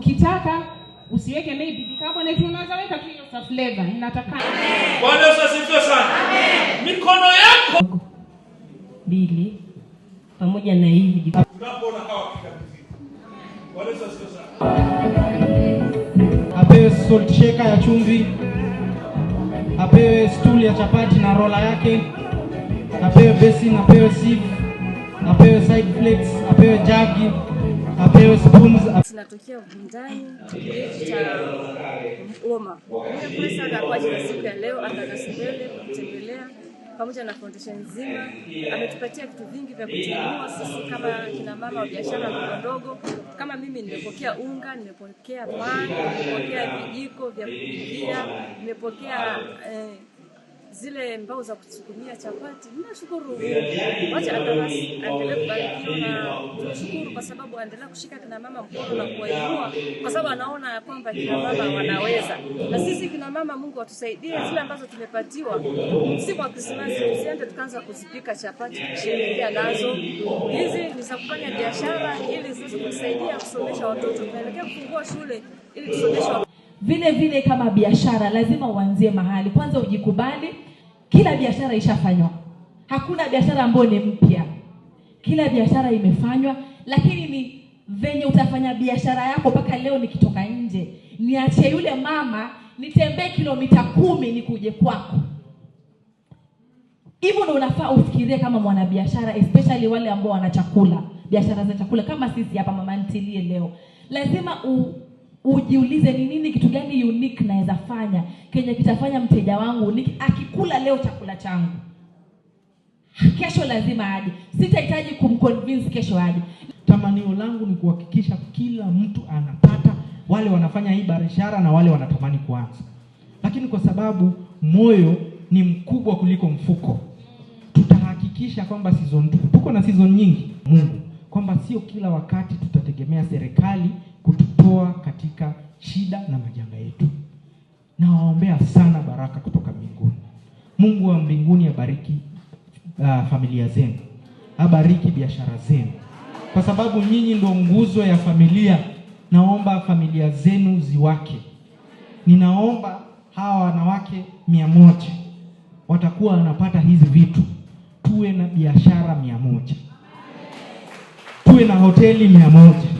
Ukitaka usiweke maybe bicarbonate, unaweza weka tu hiyo flavor inatakana. Bwana asifiwe sana. Amen. Mikono yako mbili pamoja na hivi unapoona hawa Bwana asifiwe sana. Apewe salt shaker ya chumvi, apewe stool ya chapati na rola yake, apewe basin, apewe sieve, apewe side plates, apewe jagi apewe spoons. Tunatokea Bundani Goma kwa ajili ya siku ya leo Akakasibele kutembelea pamoja na foundation nzima, ametupatia vitu vingi vya kutumia sisi kama kina mama wa biashara ndogo ndogo. Kama mimi nimepokea unga, nimepokea pan, nimepokea vijiko vya kupikia, nimepokea eh, zile mbao za kusukumia chapati. Ninashukuru, wacha Atanasi kubarikiwa na tunamshukuru kwa sababu anaendelea kushika kina mama mkono na kuwainua, kwa sababu anaona ya kwamba kina mama wanaweza, na sisi kina mama, Mungu atusaidie zile ambazo tumepatiwa. Siku ya Krismasi tusiende tukaanza kuzipika chapati kusherekea nazo, hizi ni za kufanya biashara ili ziweze kusaidia kusomesha watoto. Tunaelekea kufungua shule ili tusomeshe vile vile. Kama biashara lazima uanzie mahali kwanza, ujikubali. Kila biashara ishafanywa, hakuna biashara ambayo ni mpya kila biashara imefanywa, lakini ni venye utafanya biashara yako. Mpaka leo nikitoka nje, niache yule mama nitembee kilomita kumi nikuje kwako. Hivyo ndio unafaa ufikirie kama mwanabiashara, especially wale ambao wana chakula, biashara za chakula kama sisi hapa mama ntilie leo, lazima u, ujiulize ni nini, kitu gani unique naweza fanya kenye kitafanya mteja wangu akikula leo chakula changu Kesho lazima aje, sitahitaji kumconvince kesho aje. Tamanio langu ni kuhakikisha kila mtu anapata, wale wanafanya hii biashara na wale wanatamani kuanza, lakini kwa sababu moyo ni mkubwa kuliko mfuko, tutahakikisha kwamba season tu tuko na season nyingi, Mungu kwamba sio kila wakati tutategemea serikali kututoa katika shida na majanga yetu. Nawaombea sana baraka kutoka mbinguni. Mungu wa mbinguni abariki uh, familia zenu, abariki biashara zenu, kwa sababu nyinyi ndio nguzo ya familia. Naomba familia zenu ziwake. Ninaomba hawa wanawake mia moja watakuwa wanapata hizi vitu. Tuwe na biashara mia moja, tuwe na hoteli mia moja.